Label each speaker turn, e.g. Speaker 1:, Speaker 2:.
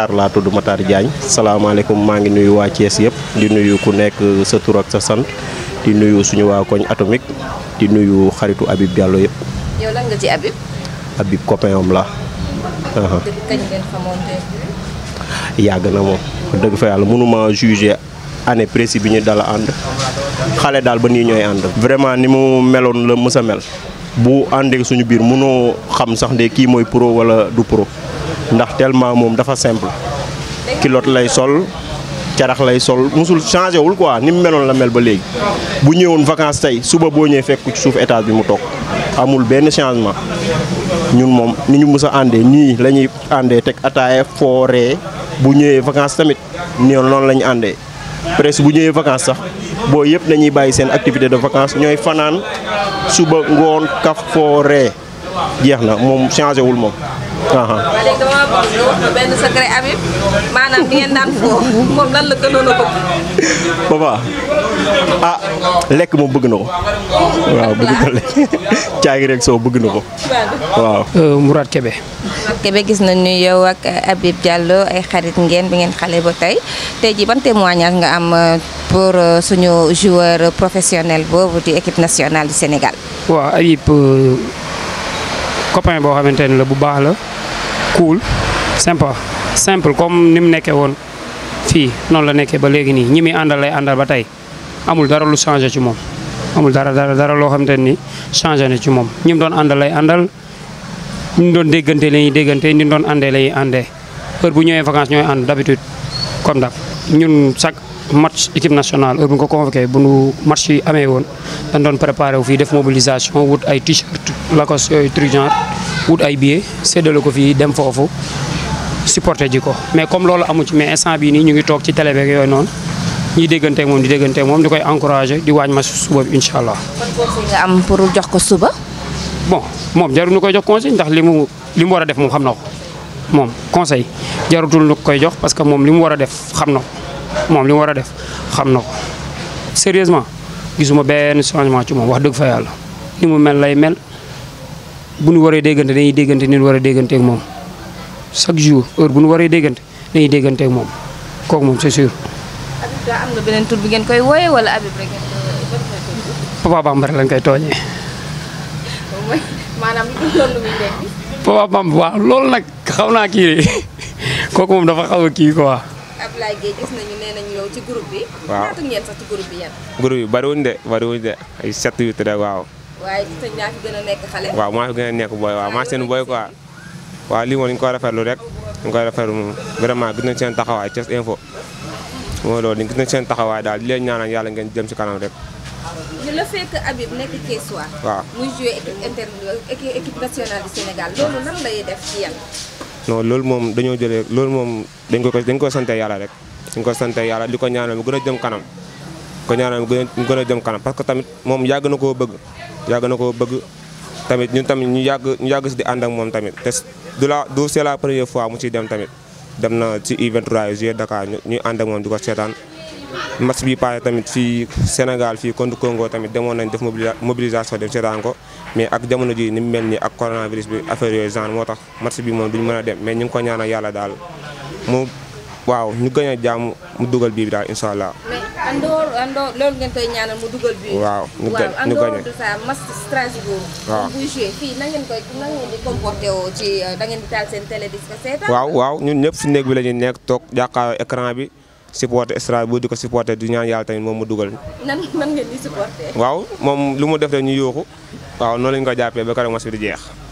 Speaker 1: Matar laa tudd Matar jaañ salaamaaleykum maa ngi nuyu waa Thiès yëpp di nuyu ku nekk sa tur ak sa sant di nuyu suñu waa koñ atomique di nuyu xaritu Habib Diallo yëpp. yow lan la. depuis yàgg na moom dëgg fa yàlla mënuma juger année précis bi ñu dala ànd xale daal ba nii ñooy ànd. vraiment ni mu meloon la mës mel bu àndeek suñu biir mënoo xam sax ne kii mooy pro wala du pro. ndax tellement moom dafa simple kilot lay sol carax lay sol musul changé wul quoi ni mu meloon la mel ba léegi bu ñëwoon vacances tey suba boo ñëwee fekk ci suuf étage bi mu toog amul benn changement ñun moom ni ñu mës a àndee nii la ñuy àndee teg ataaya fooree bu ñëwee vacances tamit ñoom noonu la ñu àndee presque bu ñëwee vacances sax boo yëpp dañuy bàyyi seen activité de vacances ñooy fanaan suba ngoon kaf fooree jeex na moom changé wul moom. benn ah, lekk moom bëgg na ko. waaw bëgg na lekk caagi rek soo bëgg na ko. waaw. Euh, Mourad Kébé.
Speaker 2: Mourad Kébé gis nañu yow ak Habib jàll ay xarit ngeen bi ngeen xale ba tey tey jii ban témoignage nga am euh, pour euh, suñu joueur professionnel boobu di équipe nationale du Sénégal. waaw Habib copain boo xamante ne la bu baax la. cool sympa semple comme ni mu nekkee woon fii noonu la nekkee ba léegi nii ñi muy àndal lay àndal ba tey amul dara lu changé ci moom. amul dara dara dara loo xamante ni changé na ci moom ñi mu doon àndal lay àndal ñu doon déggante la ñuy déggante ñu doon àndee la àndee heure bu ñëwee vacances ñooy ànd d'habitude comme daf ñun chaque match équipe nationale heure bu ñu ko convoqué bu nu match yi amee woon dañ doon préparé wu def mobilisation wut ay t-shirt Lacoste yooyu truc wut ay billets séddale ko fii dem foofu supporter ji ko mais comme loolu amu ci mais instant bii nii ñu ngi toog ci télé beeg yooyu noonu ñuy dégganteeg moom di déggantee moom di koy encouragé di waaj match suba bi incha allah.
Speaker 3: am pour jox ko suba.
Speaker 2: bon moom jarul ñu koy jox conseil ndax li mu li mu war a def moom xam na ko moom conseil jarutul ñu koy jox parce que moom li mu war a def xam na moom li mu war a def xam na ko sérieusement gisuma benn changement ci moom wax dëgg fa yàlla ni mu mel lay mel. bu nu waree déggante dañuy déggante ni ñu war a déggante moom chaque jour heure bu ñu waree déggante dañuy déggante moom kooku moom c'est sûr. Habib daa am nga koy wooyee wala Habib rek lañ koy tooñee. maanaam Papa Bambara loolu nag xaw naa kii kooku moom dafa xaw a kii quoi. Ablaye
Speaker 3: Gueye gis ay sept waaw.
Speaker 2: waaw
Speaker 3: maa fi gën a nekk booy waaw maa seen booy quoi waaw lii moom dañu rafetlu rek dañu koy rafetlu vraiment gis nañ seen taxawaay Thiès Info mooy loolu seen taxawaay daal di leen ñaanal yàlla ngeen jëm ci kanam rek. ñu loolu moom dañoo jëlee loolu moom dañ ko dañ ko sante yàlla rek dañ ko sante yàlla di ko ñaanal mu gën a jëm kanam ko ñaanal mu gën parce que tamit moom yàgg na koo bëgg yàgg na ko bëgg tamit ñun tamit ñu yàgg ñu yàgg si di ànd ak moom tamit te du la du c'est la première fois mu ciy dem tamit dem na ci U23 joué Dakar ñuy ànd moom di ko seetaan match bi passé tamit fii Sénégal fii contre Congo tamit demoon nañ def mobilisation dem seetaan ko mais ak jamono ji ni mu mel nii ak coronavirus bi affaire yooyu genre moo tax match bi moom duñu mën a dem mais ñu ngi ko ñaanal yàlla daal mu waaw ñu gën a jàmm mu dugal bii bi daal incha allah.
Speaker 2: Andor Andor ngeen koy ñaanal mu dugal bi waaw
Speaker 3: waaw buy
Speaker 2: koy di comporté woo ci euh, da di taal seen télé ko seetaan waaw waaw ñun
Speaker 3: ñëpp si néeg bi lañuy nekk toog jàkkaaroo écran bi supporté Strasbourg di ko supporté di ñaan yàlla tamit moom mu dugal
Speaker 2: nan ngeen di supporté
Speaker 3: waaw moom lu mu def rek ñu yooxu waaw noonu lañ ko jàppee ba keroog match di jeex